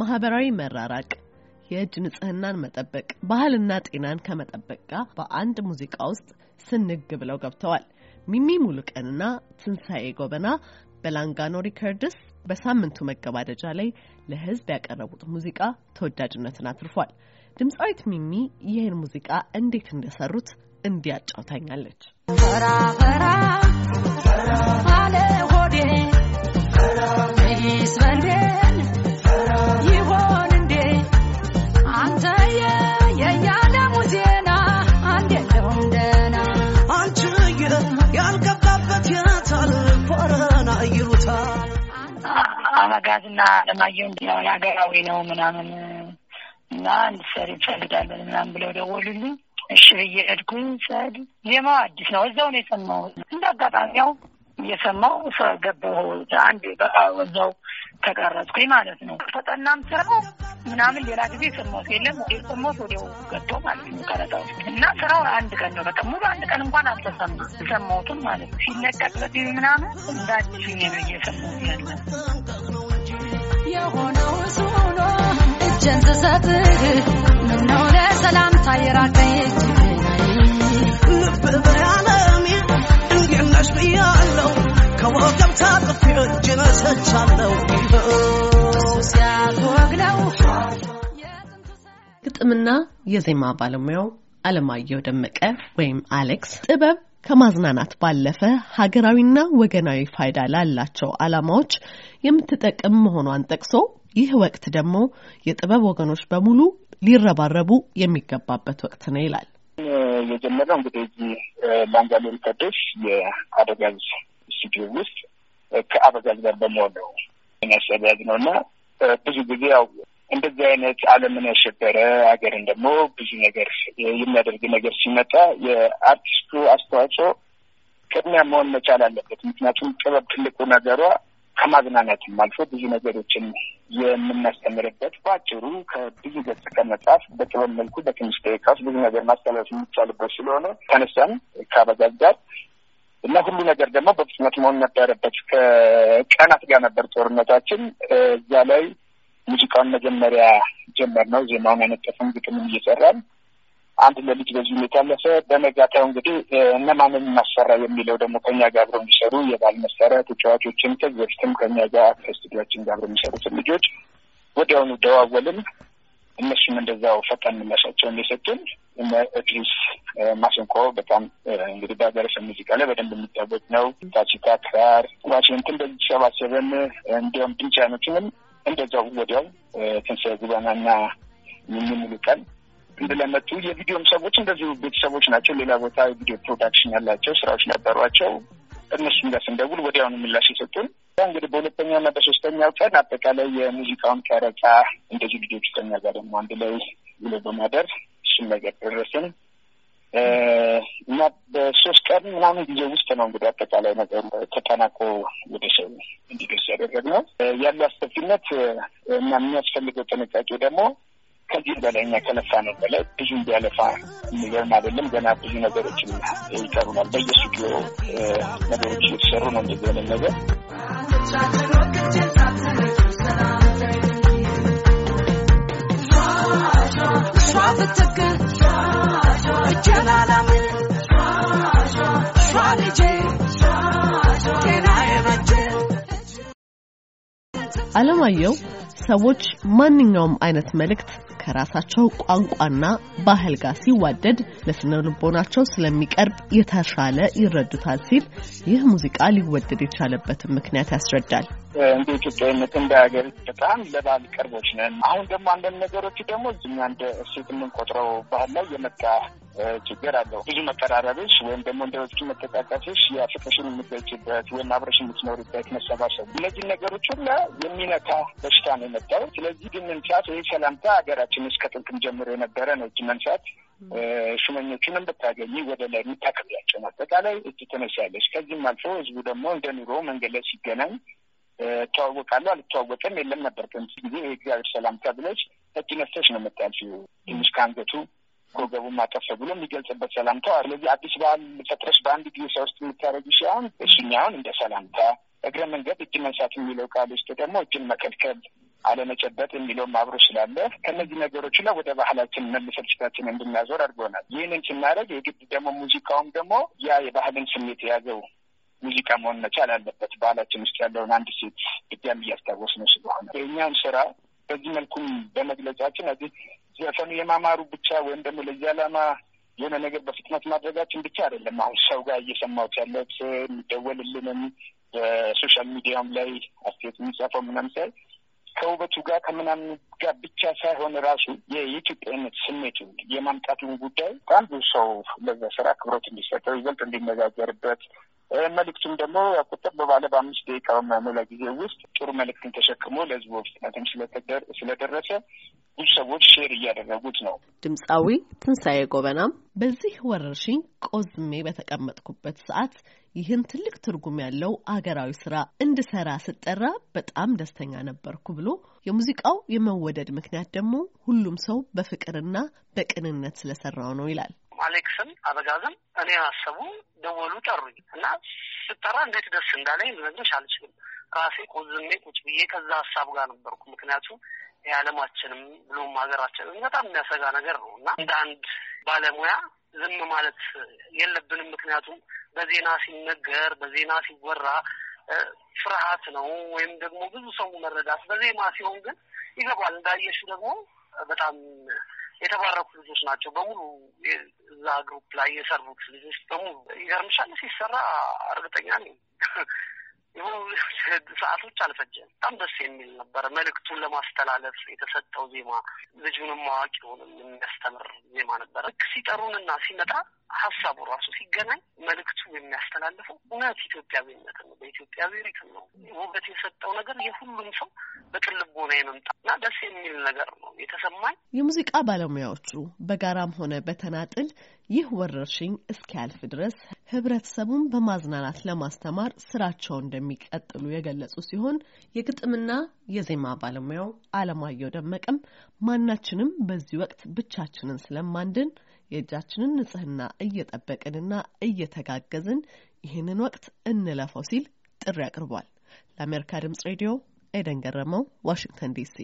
ማህበራዊ መራራቅ፣ የእጅ ንጽህናን መጠበቅ፣ ባህልና ጤናን ከመጠበቅ ጋር በአንድ ሙዚቃ ውስጥ ስንግ ብለው ገብተዋል። ሚሚ ሙሉቀንና ትንሣኤ ጎበና በላንጋኖ ሪከርድስ በሳምንቱ መገባደጃ ላይ ለሕዝብ ያቀረቡት ሙዚቃ ተወዳጅነትን አትርፏል። ድምፃዊት ሚሚ ይህን ሙዚቃ እንዴት እንደሰሩት እንዲህ አጫውታኛለች። ሆዴ አመጋዝና አለማየሁ ሀገራዊ ነው ምናምን እና እንድትሰሪ እንፈልጋለን ምናምን ብለው ደወሉልኝ። እሺ ብዬ ሄድኩኝ። ሰድ ዜማው አዲስ ነው። እዛው ነው የሰማሁት። እንደ አጋጣሚ ያው እየሰማሁ ገባሁ። አንድ በቃ ወዛው ተቀረጽኩኝ ማለት ነው። ተጠናም ስራ ምናምን ሌላ ጊዜ ስሞት የለም ይ ስሞት ወዲያው ገቶ ማለት ነው ቀረጻው እና ስራው አንድ ቀን ነው በቃ ሙሉ አንድ ቀን እንኳን አልተሰማ ሰማሁትም ማለት ነው። ሲለቀቅ በዚህ ምናምን እንዳዲሱ ነው እየሰማሁት ያለ የሆነው ሱኖ እጀን ስሰጥህ ምነው ለሰላምታ የራቀኝ I'm ጥምና የዜማ ባለሙያው አለማየሁ ደመቀ ወይም አሌክስ ጥበብ ከማዝናናት ባለፈ ሀገራዊና ወገናዊ ፋይዳ ላላቸው አላማዎች የምትጠቅም መሆኗን ጠቅሶ ይህ ወቅት ደግሞ የጥበብ ወገኖች በሙሉ ሊረባረቡ የሚገባበት ወቅት ነው ይላል። የጀመረው እንግዲህ እዚህ ላንጋሎ ሪከርዶች የአበጋዝ ስቱዲዮ ውስጥ ከአበጋዝ ጋር በመሆን ነው ነው እና ብዙ ጊዜ ያው እንደዚህ አይነት ዓለምን ያሸበረ ሀገርን ደግሞ ብዙ ነገር የሚያደርግ ነገር ሲመጣ የአርቲስቱ አስተዋጽኦ ቅድሚያ መሆን መቻል አለበት። ምክንያቱም ጥበብ ትልቁ ነገሯ ከማዝናናትም አልፎ ብዙ ነገሮችን የምናስተምርበት በአጭሩ ከብዙ ገጽ ከመጽሐፍ በጥበብ መልኩ በትንሽ ደቂቃ ውስጥ ብዙ ነገር ማስተላለፍ የሚቻልበት ስለሆነ ተነሳን ከአበጋዝ ጋር እና ሁሉ ነገር ደግሞ በፍጥነት መሆን ነበረበት። ከቀናት ጋር ነበር ጦርነታችን። እዛ ላይ ሙዚቃን መጀመሪያ ጀመር ነው። ዜማውን ያነጠፍን ግጥምን እየሰራን አንድ ለልጅ በዚህ ሁኔታ ያለፈ። በነጋታው እንግዲህ እነማንን እናሰራ የሚለው ደግሞ ከኛ ጋር አብረው የሚሰሩ የባል መሳሪያ ተጫዋቾችን ከዚህ በፊትም ከኛ ጋር ከስቱዲያችን ጋር አብረው የሚሰሩትን ልጆች ወዲያውኑ ደዋወልን። እነሱም እንደዛው ፈጣን ምላሻቸውን የሰጡን። እነ እድሪስ ማሲንቆ በጣም እንግዲህ በሀገረሰብ ሙዚቃ ላይ በደንብ የሚታወቅ ነው። ታቺካ፣ ክራር፣ ዋሽንትን በዚህ ሰባሰበን እንዲሁም ድምፃኖችንም እንደዛው ወዲያው ትንሣኤ ጉባኤና የሚሙሉ ቀን እንደለመጡ የቪዲዮም ሰዎች እንደዚሁ ቤተሰቦች ናቸው። ሌላ ቦታ የቪዲዮ ፕሮዳክሽን ያላቸው ስራዎች ነበሯቸው። እነሱ ጋር ስንደውል ወዲያውኑ ምላሽ የሰጡን እንግዲህ በሁለተኛውና በሶስተኛው ቀን አጠቃላይ የሙዚቃውን ቀረጻ እንደዚህ ልጆቹ ከኛ ጋር ደግሞ አንድ ላይ ውሎ በማደር እሱን ነገር ደረስን። እና በሶስት ቀን ምናምን ጊዜ ውስጥ ነው እንግዲህ አጠቃላይ ነገር ተጠናቆ ወደ ሰው እንዲደርስ ያደረግነው። ያለው አስከፊነት እና የሚያስፈልገው ጥንቃቄ ደግሞ ከዚህ በላይ እኛ ነው በላይ ብዙ እንዲያለፋ የሚገርም አይደለም። ገና ብዙ ነገሮችን ይቀሩናል። በየስቱዲዮ ነገሮች እየተሰሩ ነው እንደዚህ ነገር አለማየሁ ሰዎች ማንኛውም አይነት መልእክት ከራሳቸው ቋንቋና ባህል ጋር ሲዋደድ ለስነ ልቦናቸው ስለሚቀርብ የተሻለ ይረዱታል ሲል ይህ ሙዚቃ ሊወደድ የቻለበትን ምክንያት ያስረዳል። እንደ ኢትዮጵያዊነት እንደ ሀገር በጣም ለባህል ቅርቦች ነን። አሁን ደግሞ አንዳንድ ነገሮች ደግሞ እኛ እንደ እሴት የምንቆጥረው ባህል ላይ የመጣ ችግር አለው። ብዙ መቀራረብሽ ወይም ደግሞ እንደ በፊቱ መተቃቀፍሽ፣ የፍቅሽን ወይም አብረሽ የምትኖርበት መሰባሰቡ፣ እነዚህ ነገሮች ሁላ የሚነካ በሽታ ነው የመጣው። ስለዚህ ግን መንሳት ወይ ሰላምታ ሀገራችን እስከ ጥንቅም ጀምሮ የነበረ ነው። እጅ መንሳት ሹመኞቹንም ብታገኝ ወደ ላይ የምታከብያቸው አጠቃላይ እጅ ትነሳለች። ከዚህም አልፎ ህዝቡ ደግሞ እንደ ኑሮ መንገድ ላይ ሲገናኝ እተዋወቃለሁ አልተዋወቀም የለም ነበር። ጊዜ የእግዚአብሔር ሰላምታ ብለች እጅ ነፍተች ነው የምታልፊው ትንሽ ከአንገቱ ኮገቡን ማቀፈ ብሎ የሚገልጽበት ሰላምታ። ስለዚህ አዲስ በዓል ፈጥረሽ በአንድ ጊዜ ሰው ውስጥ የምታደረጉ ሲሆን እሽኛውን እንደ ሰላምታ እግረ መንገድ እጅ መንሳት የሚለው ቃል ውስጥ ደግሞ እጅን መከልከል አለመጨበጥ የሚለውም አብሮ ስላለ ከእነዚህ ነገሮች ላይ ወደ ባህላችን መልሰን ፊታችን እንድናዞር አድርጎናል። ይህንን ስናደርግ የግድ ደግሞ ሙዚቃውም ደግሞ ያ የባህልን ስሜት የያዘው ሙዚቃ መሆን መቻል አለበት። ባህላችን ውስጥ ያለውን አንድ ሴት ድጋሚ እያስታወስ ነው ስለሆነ የእኛን ስራ በዚህ መልኩም በመግለጫችን አዚህ ዘፈኑ የማማሩ ብቻ ወይም ደግሞ ለዚህ ዓላማ የሆነ ነገር በፍጥነት ማድረጋችን ብቻ አይደለም። አሁን ሰው ጋር እየሰማሁት ያለት የሚደወልልንም በሶሻል ሚዲያም ላይ አስተያየት የሚጻፈው ምናምን ሳይ ከውበቱ ጋር ከምናምን ጋር ብቻ ሳይሆን ራሱ የኢትዮጵያነት ስሜቱ የማምጣቱን ጉዳይ በጣም ብዙ ሰው ለዛ ስራ ክብሮት እንዲሰጠው ይበልጥ እንዲነጋገርበት መልእክቱም ደግሞ ቁጥር በባለ በአምስት ደቂቃ በማይሞላ ጊዜ ውስጥ ጥሩ መልእክትን ተሸክሞ ለህዝቡ ፍጥነትም ስለደረሰ ብዙ ሰዎች ሼር እያደረጉት ነው። ድምፃዊ ትንሣኤ ጎበናም በዚህ ወረርሽኝ ቆዝሜ በተቀመጥኩበት ሰዓት ይህን ትልቅ ትርጉም ያለው አገራዊ ስራ እንድሰራ ስጠራ በጣም ደስተኛ ነበርኩ ብሎ የሙዚቃው የመወደድ ምክንያት ደግሞ ሁሉም ሰው በፍቅርና በቅንነት ስለሰራው ነው ይላል። አሌክስም አበጋዝም እኔ አሰቡ፣ ደወሉ፣ ጠሩኝ እና ስጠራ እንዴት ደስ እንዳለኝ ልነግርሽ አልችልም። ራሴ ቆዝሜ ቁጭ ብዬ ከዛ ሀሳብ ጋር ነበርኩ። ምክንያቱም የዓለማችንም ብሎም ሀገራችንም በጣም የሚያሰጋ ነገር ነው እና እንደ አንድ ባለሙያ ዝም ማለት የለብንም። ምክንያቱም በዜና ሲነገር በዜና ሲወራ ፍርሃት ነው ወይም ደግሞ ብዙ ሰው መረዳት፣ በዜማ ሲሆን ግን ይገባል። እንዳየሽ ደግሞ በጣም የተባረኩ ልጆች ናቸው በሙሉ እዛ ግሩፕ ላይ የሰሩት ልጆች በሙሉ ይገርምሻል። ሲሰራ እርግጠኛ ነኝ የሆኑ ሰዓቶች አልፈጀም። በጣም ደስ የሚል ነበረ። መልእክቱን ለማስተላለፍ የተሰጠው ዜማ ልጁንም አዋቂውንም የሚያስተምር ዜማ ነበረ። ሲጠሩንና ሲመጣ ሀሳቡ ራሱ ሲገናኝ መልእክቱ የሚያስተላልፈው እውነት ኢትዮጵያዊነት ነው። በኢትዮጵያዊነትም ነው ውበት የሰጠው ነገር የሁሉም ሰው በቅልቦ ነው እና ደስ የሚል ነገር ነው የተሰማኝ። የሙዚቃ ባለሙያዎቹ በጋራም ሆነ በተናጥል ይህ ወረርሽኝ እስኪያልፍ ድረስ ህብረተሰቡን በማዝናናት ለማስተማር ስራቸውን እንደሚቀጥሉ የገለጹ ሲሆን የግጥምና የዜማ ባለሙያው አለማየሁ ደመቀም ማናችንም በዚህ ወቅት ብቻችንን ስለማንድን የእጃችንን ንጽህና እየጠበቅንና እየተጋገዝን ይህንን ወቅት እንለፈው ሲል ጥሪ አቅርቧል። ለአሜሪካ ድምጽ ሬዲዮ ኤደን ገረመው፣ ዋሽንግተን ዲሲ